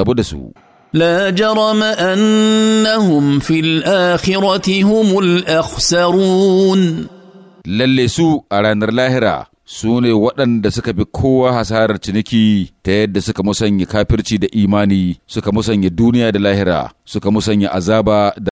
rabu da su. لا fil أنهم في الآخرة lalle su a ranar lahira su ne waɗanda suka fi kowa hasarar ciniki ta yadda suka musanya kafirci da imani suka musanya duniya da lahira suka musanya azaba da